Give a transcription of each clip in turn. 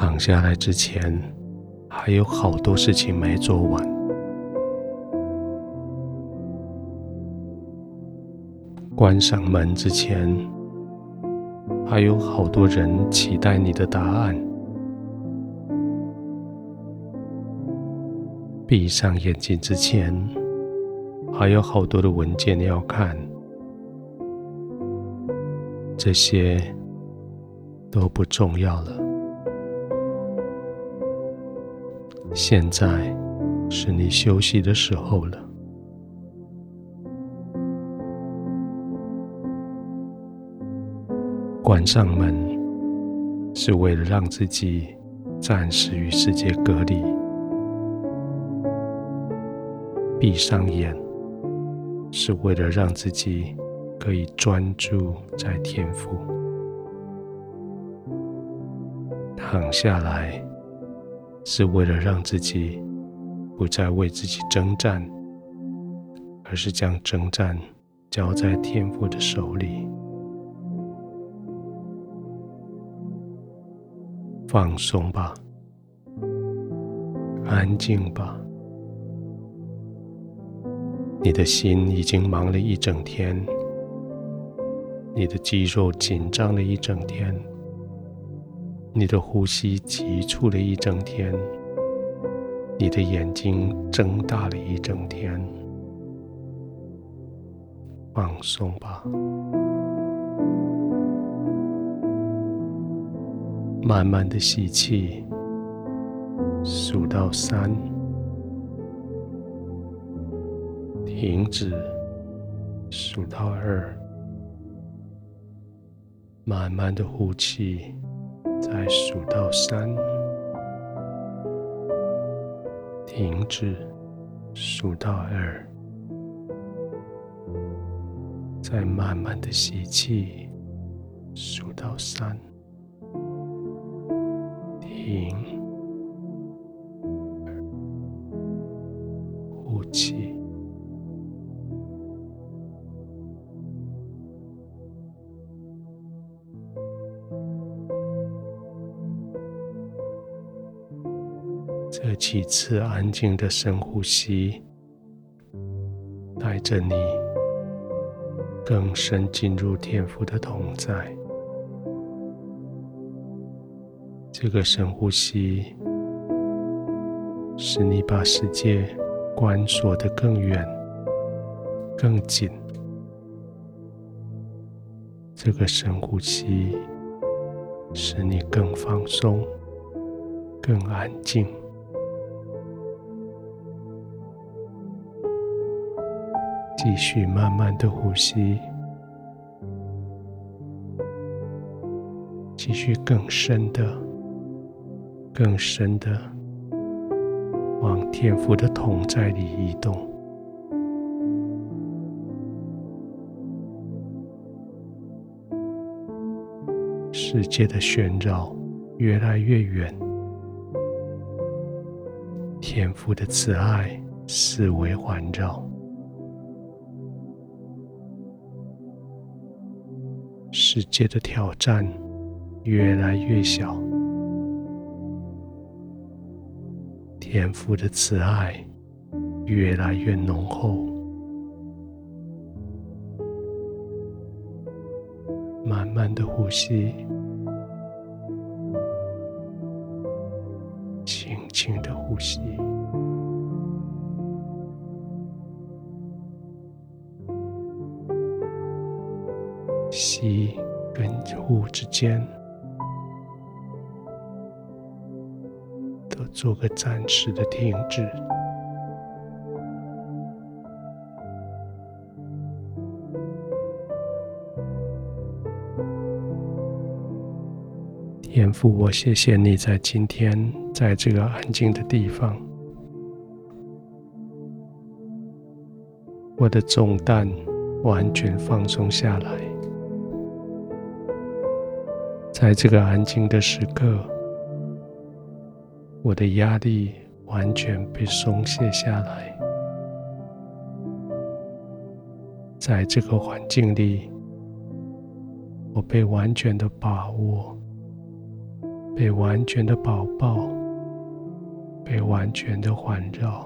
躺下來之前，還有好多事情沒做完。關上門之前，還有好多人期待你的答案。閉上眼睛之前，還有好多的文件要看。這些都不重要了。現在是你休息的時候了。關上門是為了讓自己暫時與世界隔離；閉上眼是為了讓自己可以專注在天賦；躺下來，是為了讓自己不再為自己征戰，而是將征戰交在天父的手裡。放鬆吧，安靜吧，你的心已經忙了一整天，你的肌肉緊張了一整天。你的呼吸急促了一整天，你的眼睛睜大了一整天。放鬆吧，慢慢的吸氣，數到三，停止，數到二，慢慢的呼氣。再數到三，停止。數到二，再慢慢的吸氣。數到三，停。幾次安靜的深呼吸，帶着你更深進入天父的同在。這個深呼吸使你把世界關鎖得更遠、更緊。這個深呼吸使你更放鬆、更安靜。繼續慢慢的呼吸，繼續更深的、更深的往天父的同在裡移動。世界的喧擾越來越遠，天父的慈愛四維環繞。世界的挑戰越來越小，天父的慈愛越來越濃厚。慢慢的呼吸，輕輕的呼吸。吸跟呼之間，都做個暫時的停滯。天父，我謝謝你在今天，在這個安靜的地方，我的重擔完全放鬆下來。在這個安靜的時刻，我的壓力完全被鬆懈下來。在這個環境裡，我被完全的把握，被完全的抱抱，被完全的環繞。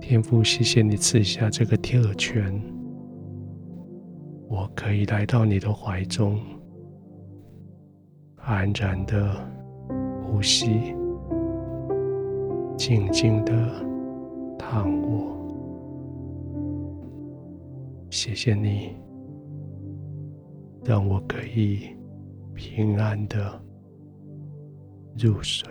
天父，謝謝你賜下這個特權。可以來到你的懷中，安然的呼吸，靜靜的躺臥。謝謝你，讓我可以平安的入睡。